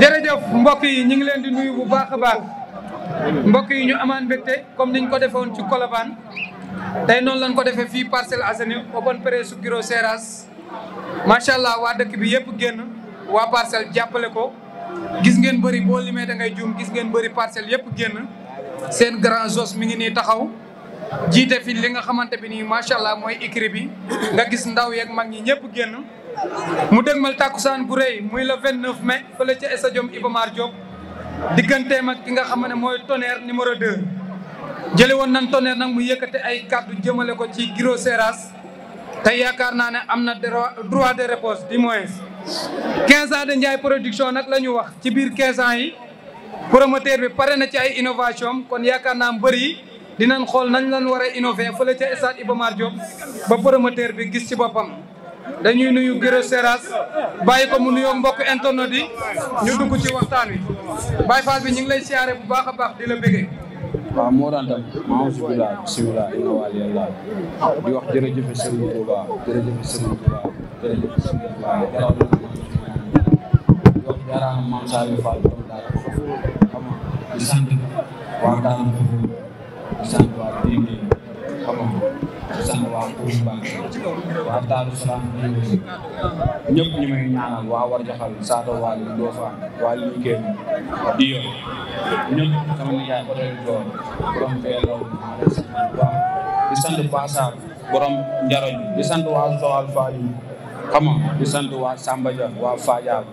jërëjëf mbokk yi ñu ngi leen di nuyu mbokk yi ñu amaan mbégte comme niñ ko defewoon ci Colobane tey noonu lañ ko defee fii Parcelles Assainies open presse su Guiro Seras macha allah waa dëkk bi yëpp génn waa parcelle jàppale ko gis ngeen bëri boo limee da ngay juum gis ngeen bëri parcelle yëpp génn seen grand jos mi ngi nii taxaw jiite fi li nga xamante bi nii macha allah mooy écrit bi nga gis ndaw yeeg mag ñi ñëpp génn. mu dégmal tàkkusaan bu rëy muy le 29 mai fële ca stadium Iba Mar Diop digganteem ak ki nga xam ne mooy tonnerre numéro 2. jële woon nañ tonnerre nag mu yëkkate ay kàddu jëmale ko ci Guiro Seras te yaakaar naa ne am na droit de réponse du moins. 15 de Ndiaye production nag la ñu wax ci biir 15 ans yi promoteur bi pare na ci ay innovation kon yaakaar naa bëri yi dinañ xool nañ lan war a innové fële ca stade Iba Mar Diop ba promoteur bi gis ci boppam. dañuy nuyu Guiro Seras bàyyi ko mu nuyoo mbokk internet di ñu dugg ci waxtaan wi Baye Fall bi ñu ngi lay siyaare bu baax a baax di la bëggee. waaw moo daan tam maa ngi bisimilah bisimilah inna waa lillah di wax jërëjëf Serigne Touba jërëjëf Serigne Touba jërëjëf Serigne Touba di wax di sant waa di sant Ousmane waa Daaru Salaam ñëpp ñu may ñaanal waa war saato waa li Doofa waa Linguère di yor ñëpp sama nijaay ba doon door borom Bello waaw di sant Bassar borom Njaroñ di sant waa Joal Fadiouth xam nga di sant waa Samba waa Fadial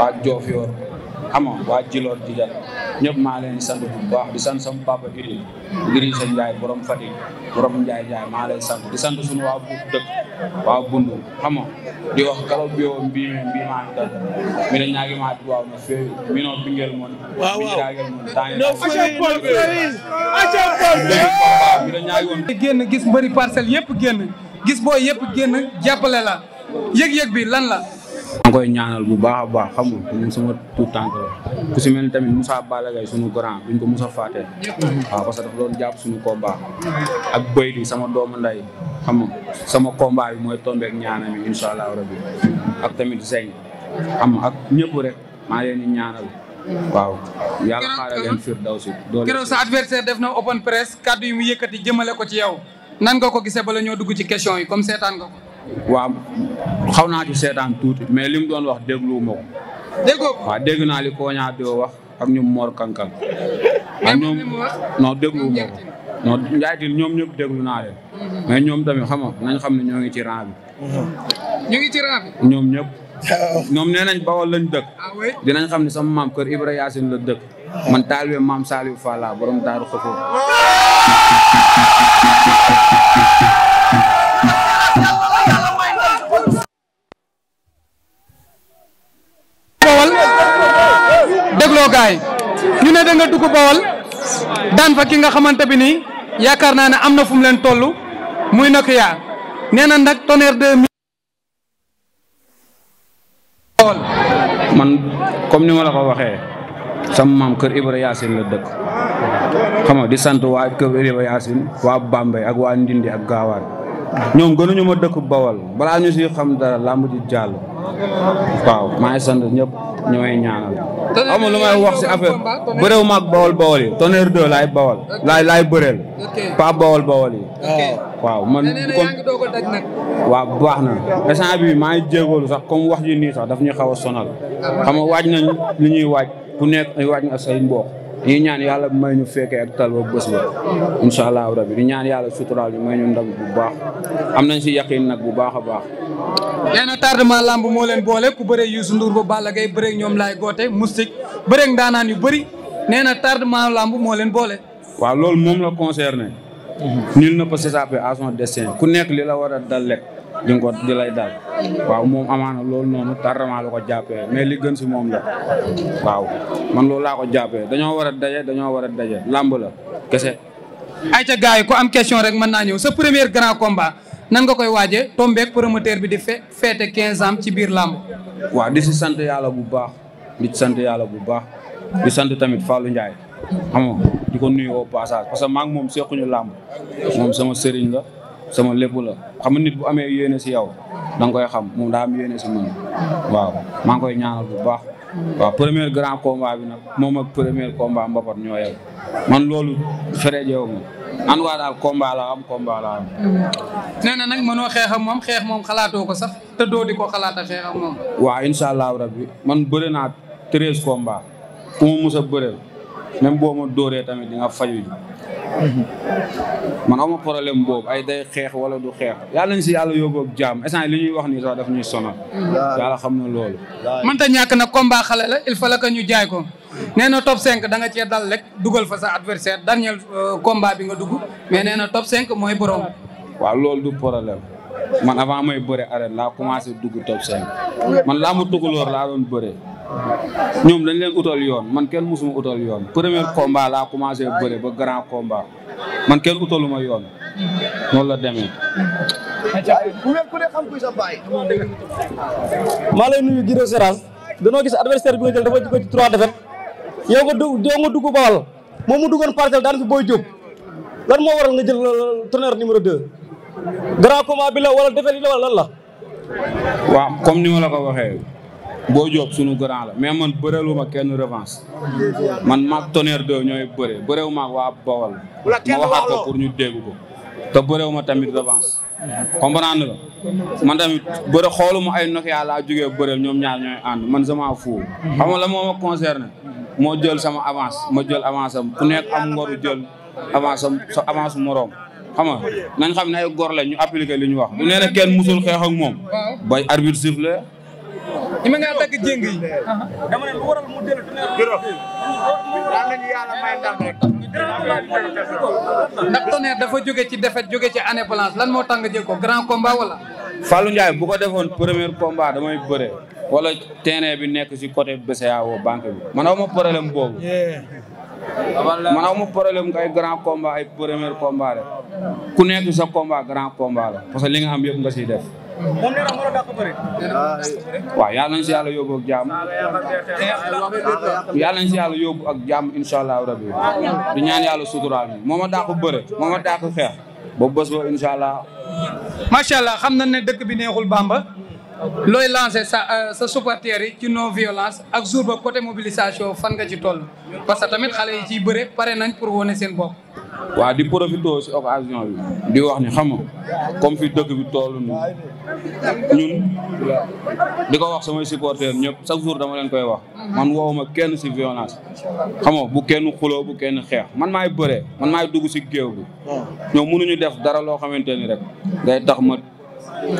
waa Diofior xam waa Djilor Djidiack ñëpp maa leen di sant bu baax di sant sama papa Iri Idrissa Ndiaye borom Fatick borom Ndiaye Ndiaye maa leen sant di sant suñu waa bu dëkk waa bundu xam nga di wax kala biyo mbime mbimami tan mbiɗa ñaguima duwaw no fewi mino ɓinguel moon miñagel moon mbiɗa ñaagi on génn gis mbëri parcelle yëpp génn gis booy yëpp génn jàppale la yëg-yëg bi lan la maa koy ñaanal bu baax a baax xamul nga moom sama tout tànk la ku si mel ni tamit Moussa Balla Gaye sunu grand duñ ko Moussa Faté waaw parce doon jàpp suñu combat ak Boy di sama doomu nday xam sama combat bi mooy tombé ak ñaanami incha allah rabbi ak tamit Zeng xam nga ak ñëpp rek maa leen di ñaanal. waaw yàlla xaaral leen firdawsi. keroog sa adversaire def na open press kàddu yi mu yëkkati jëmale ko ci yow nan nga ko gisee bala ñoo dugg ci question yi comme seetaan waaw xaw naa ci seetaan tuuti mais lim doon wax dégluwuma ko. déggoo ko dégg naa li Koña doo wax ak ñoom Mor Kankal. ak ñoom non dégluwuma ko. non Ndiaye ñoom ñëpp déglu naa leen. Mhm. mais ñoom tamit xam nañ xam ne ñoo ngi ci rang bi. Mhm. ñoom ñëpp. ñoom nee nañ Bawol lañ dëkk. Ah dinañ xam ne sama maam kër Ibra Yacine la dëkk. Ah. man taalibe maam Saliou Fall borom Daaru Xafoor. woo gaay ñu ne da nga dugg Bawol daan fa ki nga xamante bi nii yaakaar naa ne am na fum leen toll muy Nokia nee na nag Tonnerre 2000. Bawol man comme ni ma ko waxee sama maam kër Ibra Yacine la dëkk xam nga di sant waa kër Ibra Yacine waa Bambey ak waa Ndindi ak Gaawaan ñoom gënuñu ma dëkk Bawol balaa ñu si xam dara làmb ji jàll waaw maa ngi sant ñëpp ñu may ñaanal. amul lu may wax si affaire bëréew maag bawol bawol yi tonnerre deux laay bawol laay laay bëreel pas bawol bawol yi ah, waaw man waaw baax na instant bi maa ngi jéegoolu sax comme wax ji nii sax daf ñuy xaw a sonal ah, xam nga waaj nañ li ñuy waaj ku nekk ay waaj nga say mbokk dañuy ñaan yàlla may ñu fekkee ak tal ba bés ba incha allahu rabi di ñaan yàlla suturaal ñu may ñu ndam bu baax am nañ si yaqin nag bu baax a baax nee tardement lamb moo leen boole ku bëre Youssou Ndour ba Balla Gaye bëree ñoom laay goote moustique bëre ndaanaan yu bëri nee na tardement lamb moo leen boole waaw loolu moom la concerné mhm. nul ne peut s'échapper à son destin ku nekk li la war a dal lekk di nga ko di lay dal waaw moom a loolu noonu tardement la ko jàppee mais li gën si moom la waaw man loolu laa ko jàppee dañoo war a daje dañoo war a daje làmb la kese. ay ca gars yi ku am question rek mën naa ñëw sa premier grand combat nanga nga koy waajee tombeek promoteur bi di fe feete 15 ans ci biir làmb. waaw di si sant yàlla bu baax di sant yàlla bu baax di sant tamit Fallou Ndiaye xam nga di ko nuyu au passage parce que moom sequñu làmb moom sama sëriñ la. sama lépp la xam nit bu amee yéene si yow da koy xam moom daa am yéene si man waaw maa ngi koy ñaanal bu baax. waaw première grand combat bi nag moom ak premier combat mbapat ñoo yow man loolu fere jeewu ma en tout daal combat la am combat la am. nee na nag mënoo xeex ak moom xeex moom xalaatoo ko sax te doo di ko xalaat a xeex ak moom. waaw incha allahu rabbi man bëre naa treize combat ku ma mës a bëreel même boo ma dooree tamit di nga faju ji Mhm. man aw ma problème boobu ay day xeex wala du xeex yàlla nañ si yàlla yóbbu ak jàmm instant li ñuy wax nii sax daf ñuy sonal. Mhm. yàlla xam na loolu. mënta ñàkk nag combat xale la il fallait que ñu jaay ko nee na top 5 da nga cee dal rek dugal fa sa adversaire dernier euh, combat bi nga dugg mais nee na top 5 mooy borom. waaw loolu du problème. man avant mooy bëre arène laa commencé dugg top 5 man laa mu tukulóor laa doon bëre. ñoom dañ leen utal yoon man kenn musuma utal yoon premier combat laa commencé ba grand combat man kenn utaluma yoon noonu la demee. maa lay nuyu Guiro Seras danoo gis adversaire bi nga jël dafa jóge ci trois défaites yow nga dugg yow nga dugg Bawol moom mu duggoon parcelle daan fi Boy Diop lan moo waral nga jël euh, Tonnerre numéro 2 grand combat bi la wala défaite yi la wala lan la. waaw comme ni ma la ko waxee. boo joob suñu grand la mais man bëreluma kenn revanche man maag tonnerre do ñooy bëre bëreewu maag waa Bawol ma waxaat pour ñu dégg ko te bëreewu ma tamit revanche comprendre nga man tamit bëre xooluma ay nokia laa jógee bëreel ñoom ñaar ñooy ànd man sama fou xam nga la moo ma concerné moo jël sama avance ma jël avance am ku nekk am ngoru jël avance am sa avance moroom xam nga nañ xam ne ay gor la ñu appliqué li ñu wax du nee na kenn musul xeex ak moom bay arbitre siffle ñi ma ngaa dagg jéng yi. dama ne dafa jóge ci defet jóge ci année blanche lan moo tax nga ko grand combat wala. Fallou Ndiaye bu ko defoon premier combat damay bëre wala terrain bi nekk si côté BCEAO woo banque bi man aw ma problème boobu. man aw ma problème ay grand combat ay premier combat rek ku nekk sa combat grand combat la parce que li nga am yëpp nga siy def. waa nee na moo la dàq bëri. waaw si yàlla yóbbu ak jàmm. yàlla nañ si yàlla yóbbu ak jàmm incha allahu rabi. di ñaan yàlla suturaal ñu moo ma dàq bëri moo ma dàq xeex. ba bés ba incha allah. macha xam na ne dëkk bi neexul bàmba looy lancé sa euh, sa supporters yi ci non violence ak jour ba côté mobilisation fan nga ci toll. parce que tamit xale yi ciy bëre pare nañ pour wone seen bopp. waaw di profité si occasion bi. di wax ni xam nga comme fi dëkk bi toll nii. ñun di ko wax samay supporters ñëpp chaque jour dama leen koy wax man woowuma kenn si violence xam bu kenn xuloo bu kenn xeex man maay bëree man maay dugg si géew bi ñoom mënuñu def dara loo xamante ni rek day tax ma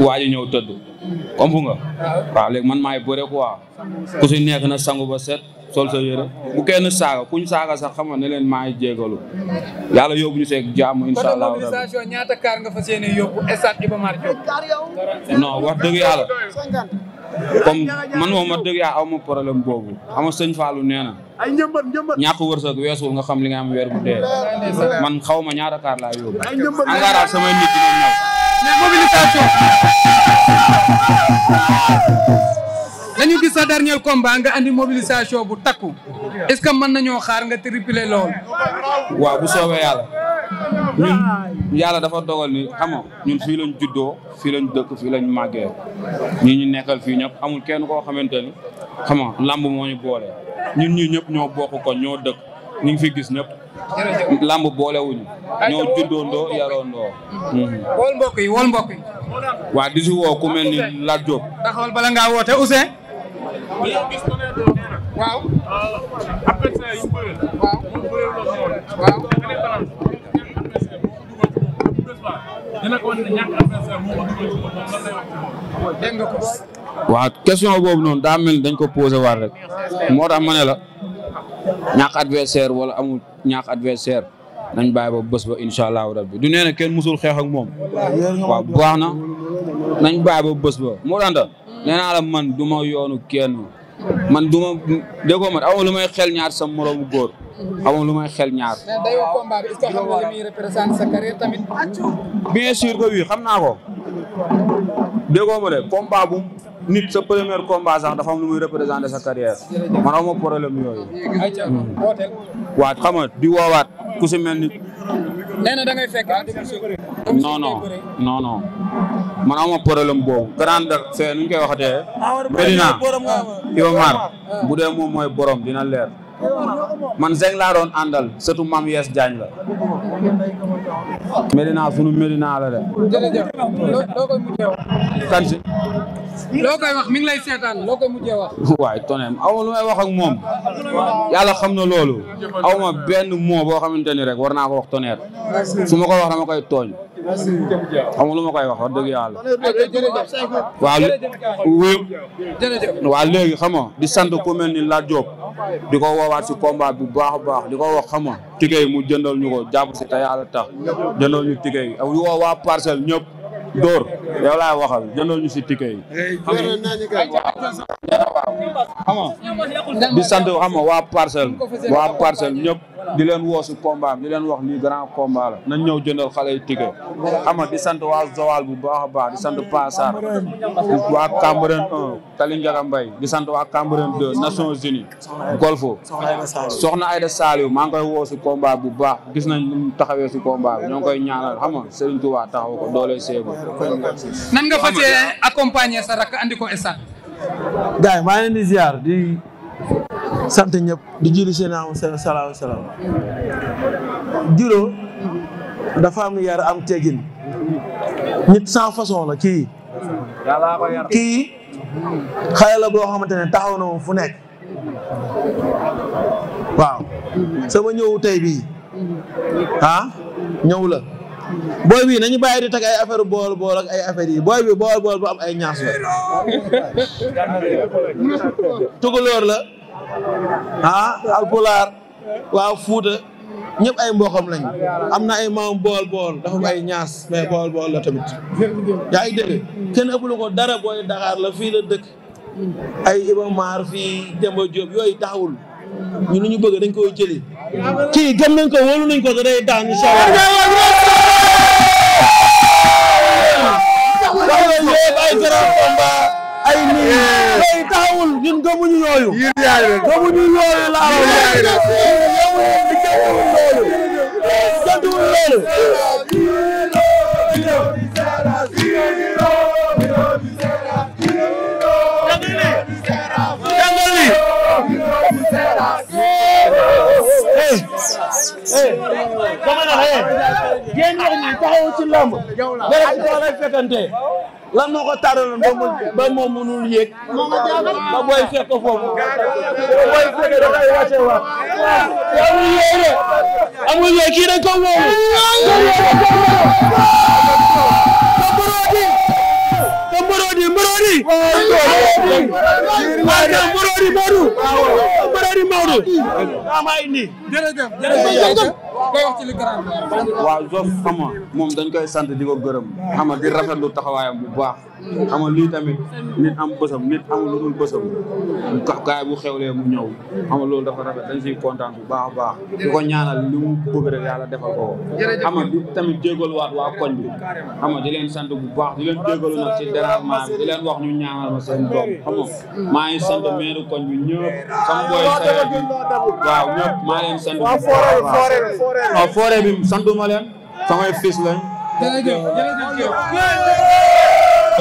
waa ji ñëw tëdd comme fu nga waaw léegi man maay bëree quoi ku si nekk na sangu ba set sol sa yére bu kenn saaga kuñ saaga sax xam nga ne leen maa ngi jégalu yàlla yóbbu ñu seeg jàmm incha allah. kon mobilisation ñaata kaar nga fa yéene yóbbu stade Iba wax dëgg yàlla comme man moom wax dëgg yàlla aw ma problème boobu ama sëñ Fallou nee na. ay njëmbat njëmbat ñàkk wërsëg weesul nga xam li nga am weer bu man xaw ma ñaata kaar laa yóbbu. ay njëmbat engrais nit ñi mobilisation. dañu gis sa dernier combat nga andi mobilisation bu takku est-ce que mën nañoo xaar nga tripler lool. waaw bu soobee yàlla ñun yàlla dafa dogal ni xam nga ñun fii lañ juddoo fii lañ dëkk fii lañ màggee ñi ñu nekkal fii ñëpp amul kenn koo xamante ni xam nga làmb moo ñu boole ñun ñii ñëpp ñoo bokk ko ñoo dëkk ñu ngi fi gis ñëpp. làmb boolewuñu ñoo juddoondoo yaroondoo. Mhm. wol mbokk yi wol mbokk yi. waa di si woo ku mel ni Lat bala ngaa woote Ousseyn. dañoo gis ko question boobu noonu daa mel dañ ko posé waat rek moo tax ma ne la ñàkk adversaire wala amul ñàkk adversaire nañ bàyyi ba bés ba incha rabbi du nee kenn musul xeex ak moom. waaw baax nañ bàyyi ba bés ba moo daan nee naa la man du ma yoonu kenn man du ma déggoo ma lu may xel ñaar sa moroomu góor. amoo lu may xel ñaar. xam nga li muy représenté bien sûr que oui xam naa ko. déggoo ma de combat bu nit sa premier combat sax dafa am lu muy représenté sa carrière man amoo problème yooyu. Hmm. waat xam di woowaat ku si mel ni. non non non man amoo problème boobu. grande fee nu ñu koy waxatee. Ah, Medina Iba Mar bu dee moom mooy borom dina leer. man Zeng laaroon doon àndal surtout maam Yes la. Medina sunu Medina la de. kan si. waay toneem aw lu may wax ak moom. yàlla xam na loolu. aw ma benn boo xamante ni rek war naa ko wax tonnerre. su ma ko wax dama koy tooñ. amul lu ma koy wax wax dëgg yàlla. wa li waaw léegi xam di sant ku mel ni Lat Diop di ko woowaat si combat bu baax a baax di ko wax xam nga mu jëndal ñu ko jàpp si te yàlla tax jëndal ñu ticket yi ak waa parcelle ñëpp dóor yow waxal jëndal ñu si ticket yi. di sant xam nga waa parcelle waa parcelle ñëp di leen woo si combat bi di leen wax lii grand combat la nañ ñëw jëndal xale yi ticket xam di sant waa Joal bu baax a baax di sant Pa Sarr waa Cambérène 1 Tali Ndiaga Mbaye di sant waa Cambérène 2 Nations Unies golfo soxna Aïda Saliou maa ngi koy woo si combat bu baax gis nañ nu mu taxawee si combat ñoo ngi koy ñaanal xam nga Serigne Touba taxaw ko doole seegu nan nga fas accompagner sa rakk andi ko stade gars maa ngi leen di sant ñëpp di julli seen am salaahu salaam juróo dafa am yar am teggin nit sans façon la kii kii xale la boo xamante ne taxaw na moom fu nekk waaw sama ñëwu tey bii ah ñëw la booy bii nañu bàyyi di teg ay affaire bool bool ay affaire yi booy bi bool bool bu am ay ñaas la la ah alpulaar waa fuuta ñëpp ay mbokkam lañ am na ay maam bool bool dafa am ay ñaas mais bool bool la tamit yaa ngi dégg kenn ëpplu ko dara booy Dakar la fii la dëkk ay Iba Maar fii Demba Diop yooyu taxawul ñu lu ñu bëgg dañ koy jëli kii gëm nañ ko wóolu nañ ko da day daan incha allah ay nii tey taxawul ñun gëmuñu yooyu. gëmuñu yooyu laa wax. gëmuñu loolu. gëmuñu loolu. gëmuñu loolu. lan moo ko taaraloon ba ba moom mënul yéeg ba booy fekk ko foofu ba booy fekk da koy wàcce waat amul yéeg de amul yéeg kii dañ ko woowu te mborodi mborodi mborodi mborodi Maodo mborodi Maodo maa indi jërëjëf jërëjëf day wax ci li grand waaw Zof xam nga moom dañ koy sant di ko gërëm xam nga di rafetlu taxawaayam bu baax ama lii tamit nit am bësëm nit amul lu dul bësam ka gaay bu xewlee mu ñëw ama loolu dafa rafet dañ siy kontaan bu baax a baax di ko ñaanal li mu bëgg rek yàlla defal ko ama di tamit jégal waa koñ bi ama di leen sant bu baax di leen jégalu nag si dérangement bi di leen wax ñu ñaanal ma seen doom xam maa ngi sant maire koñ bi ñëpp sama booy saye bi waaw maa leen sant waaw foore bi santuma leen samay fils lañ